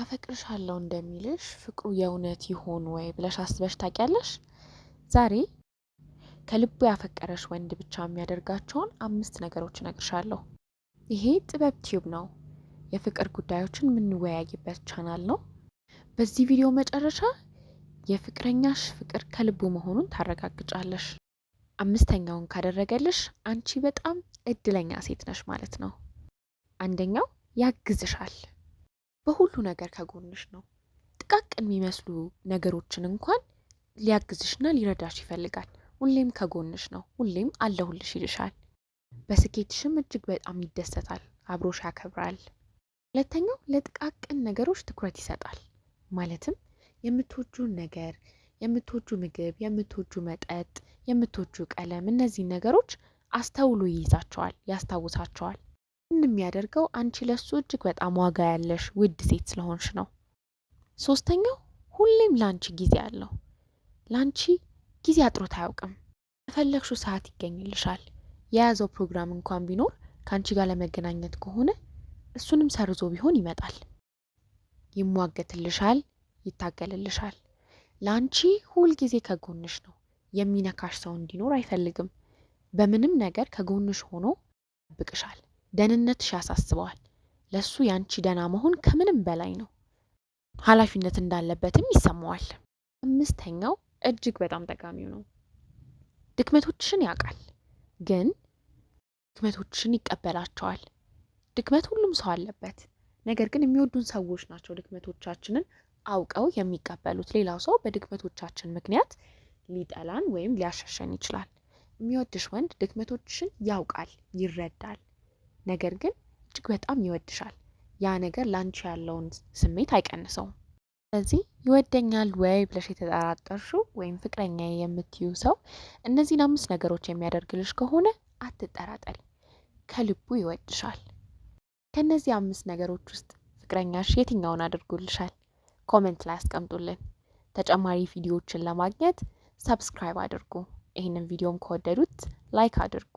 አፈቅርሻለሁ እንደሚልሽ ፍቅሩ የእውነት ይሆን ወይ ብለሽ አስበሽ ታውቂያለሽ? ዛሬ ከልቡ ያፈቀረሽ ወንድ ብቻ የሚያደርጋቸውን አምስት ነገሮች እነግርሻለሁ። ይሄ ጥበብ ቲዩብ ነው፣ የፍቅር ጉዳዮችን የምንወያይበት ቻናል ነው። በዚህ ቪዲዮ መጨረሻ የፍቅረኛሽ ፍቅር ከልቡ መሆኑን ታረጋግጫለሽ። አምስተኛውን ካደረገልሽ አንቺ በጣም እድለኛ ሴት ነሽ ማለት ነው። አንደኛው ያግዝሻል። በሁሉ ነገር ከጎንሽ ነው። ጥቃቅን የሚመስሉ ነገሮችን እንኳን ሊያግዝሽና ሊረዳሽ ይፈልጋል። ሁሌም ከጎንሽ ነው። ሁሌም አለሁልሽ ይልሻል። በስኬትሽም እጅግ በጣም ይደሰታል። አብሮሽ ያከብራል። ሁለተኛው ለጥቃቅን ነገሮች ትኩረት ይሰጣል። ማለትም የምትወጁ ነገር የምትወጁ ምግብ፣ የምትወጁ መጠጥ፣ የምትወጁ ቀለም፣ እነዚህን ነገሮች አስተውሎ ይይዛቸዋል፣ ያስታውሳቸዋል። የሚያደርገው አንቺ ለሱ እጅግ በጣም ዋጋ ያለሽ ውድ ሴት ስለሆንሽ ነው። ሶስተኛው ሁሌም ላንቺ ጊዜ አለው። ላንቺ ጊዜ አጥሮት አያውቅም። የፈለግሽው ሰዓት ይገኝልሻል። የያዘው ፕሮግራም እንኳን ቢኖር ከአንቺ ጋር ለመገናኘት ከሆነ እሱንም ሰርዞ ቢሆን ይመጣል። ይሟገትልሻል፣ ይታገልልሻል። ለአንቺ ሁልጊዜ ከጎንሽ ነው። የሚነካሽ ሰው እንዲኖር አይፈልግም። በምንም ነገር ከጎንሽ ሆኖ ይጠብቅሻል። ደህንነትሽ ያሳስበዋል። ለሱ ያንቺ ደህና መሆን ከምንም በላይ ነው። ኃላፊነት እንዳለበትም ይሰማዋል። አምስተኛው እጅግ በጣም ጠቃሚው ነው። ድክመቶችሽን ያውቃል፣ ግን ድክመቶችሽን ይቀበላቸዋል። ድክመት ሁሉም ሰው አለበት። ነገር ግን የሚወዱን ሰዎች ናቸው ድክመቶቻችንን አውቀው የሚቀበሉት። ሌላው ሰው በድክመቶቻችን ምክንያት ሊጠላን ወይም ሊያሻሸን ይችላል። የሚወድሽ ወንድ ድክመቶችሽን ያውቃል፣ ይረዳል። ነገር ግን እጅግ በጣም ይወድሻል። ያ ነገር ለአንቺ ያለውን ስሜት አይቀንሰውም። ስለዚህ ይወደኛል ወይ ብለሽ የተጠራጠርሽው ወይም ፍቅረኛ የምትዩ ሰው እነዚህን አምስት ነገሮች የሚያደርግልሽ ከሆነ አትጠራጠሪ፣ ከልቡ ይወድሻል። ከእነዚህ አምስት ነገሮች ውስጥ ፍቅረኛሽ የትኛውን አድርጎልሻል? ኮመንት ላይ አስቀምጡልን። ተጨማሪ ቪዲዮዎችን ለማግኘት ሰብስክራይብ አድርጉ። ይህንን ቪዲዮም ከወደዱት ላይክ አድርጉ።